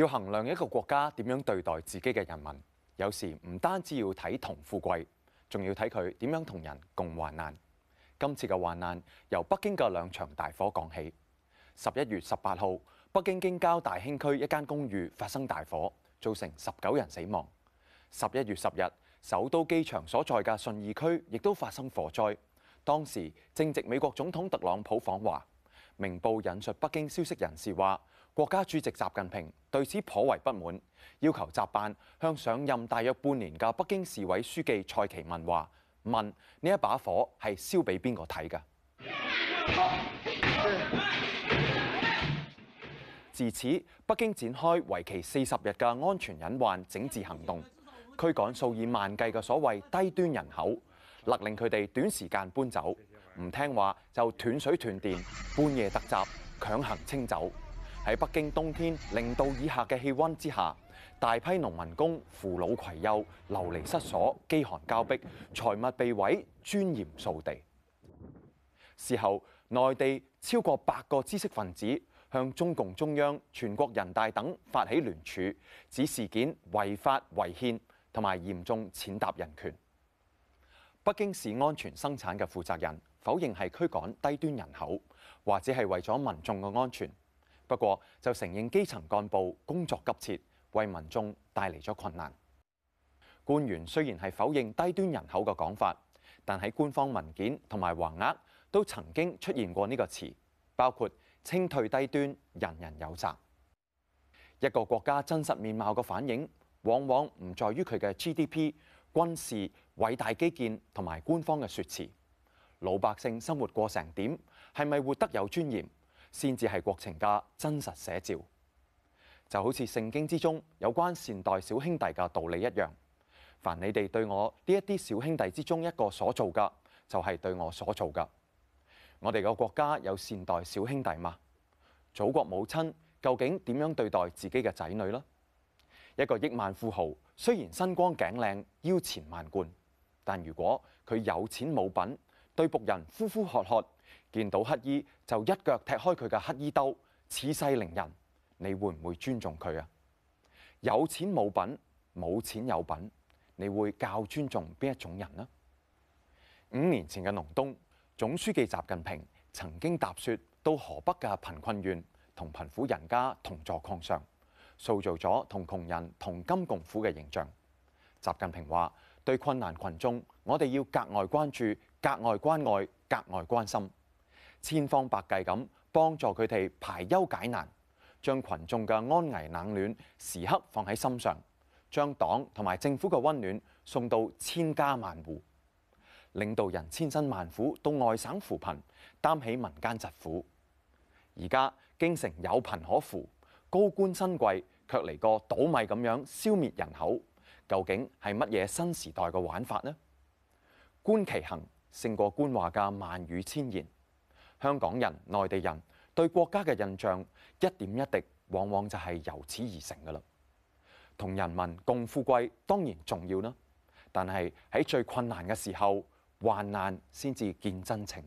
要衡量一個國家點樣對待自己嘅人民，有時唔單止要睇同富貴，仲要睇佢點樣同人共患難。今次嘅患難由北京嘅兩場大火講起。十一月十八號，北京京郊大興區一間公寓發生大火，造成十九人死亡。十一月十日，首都機場所在嘅順義區亦都發生火災。當時正值美國總統特朗普訪華，明報引述北京消息人士話，國家主席習近平對此頗為不滿，要求習辦向上任大約半年嘅北京市委書記蔡奇問話：問呢一把火係燒俾邊個睇嘅？自此，北京展開為期四十日嘅安全隱患整治行動，驅趕數以萬計嘅所謂低端人口，勒令佢哋短時間搬走，唔聽話就斷水斷電，半夜突襲，強行清走。喺北京冬天零度以下嘅氣溫之下，大批農民工扶老攜幼流離失所，飢寒交迫，財物被毀，尊嚴掃地。事後，內地超過百個知識分子向中共中央、全國人大等發起聯署，指事件違法違憲同埋嚴重踐踏人權。北京市安全生產嘅負責人否認係驅趕低端人口，或者係為咗民眾嘅安全。不過就承認基層幹部工作急切，為民眾帶嚟咗困難。官員雖然係否認低端人口嘅講法，但喺官方文件同埋橫額都曾經出現過呢個詞，包括清退低端，人人有責。一個國家真實面貌嘅反應，往往唔在於佢嘅 GDP、軍事、偉大基建同埋官方嘅説辭。老百姓生活過成點，係咪活得有尊嚴？先至係國情嘅真實寫照，就好似聖經之中有關善待小兄弟嘅道理一樣。凡你哋對我呢一啲小兄弟之中一個所做嘅，就係對我所做嘅。我哋個國家有善待小兄弟嗎？祖國母親究竟點樣對待自己嘅仔女呢？一個億萬富豪雖然身光頸靚、腰纏萬貫，但如果佢有錢冇品。對僕人呼呼喝喝，見到乞兒就一腳踢開佢嘅乞兒兜，恃勢凌人。你會唔會尊重佢啊？有錢冇品，冇錢有品，你會較尊重邊一種人呢？五年前嘅隆冬，總書記習近平曾經踏雪到河北嘅貧困縣同貧苦人家同坐炕上，塑造咗同窮人同甘共苦嘅形象。習近平話：對困難群眾，我哋要格外關注。格外關愛、格外關心，千方百計咁幫助佢哋排憂解難，將群眾嘅安危冷暖時刻放喺心上，將黨同埋政府嘅溫暖送到千家萬戶。領導人千辛萬苦到外省扶貧，擔起民間疾苦。而家京城有貧可扶，高官新貴卻嚟個倒米咁樣消滅人口，究竟係乜嘢新時代嘅玩法呢？觀其行。勝過官話嘅萬語千言，香港人、內地人對國家嘅印象一點一滴，往往就係由此而成嘅啦。同人民共富貴當然重要啦，但係喺最困難嘅時候，患難先至見真情。